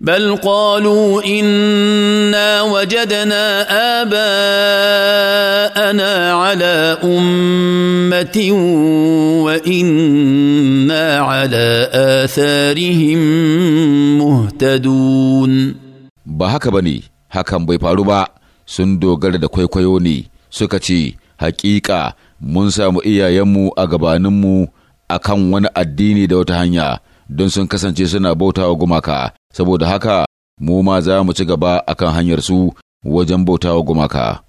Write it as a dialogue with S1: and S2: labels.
S1: بل قالوا انا وجدنا اباءنا على امه وانا على اثارهم
S2: مهتدون ba haka ba ne hakan bai faru ba sun dogara da kwaikwayo ne suka ce hakika mun samu iyayenmu a gabaninmu a kan wani addini da wata hanya don sun kasance suna bautawa gumaka saboda haka mu ma za mu ci gaba akan hanyar su wajen bautawa gumaka.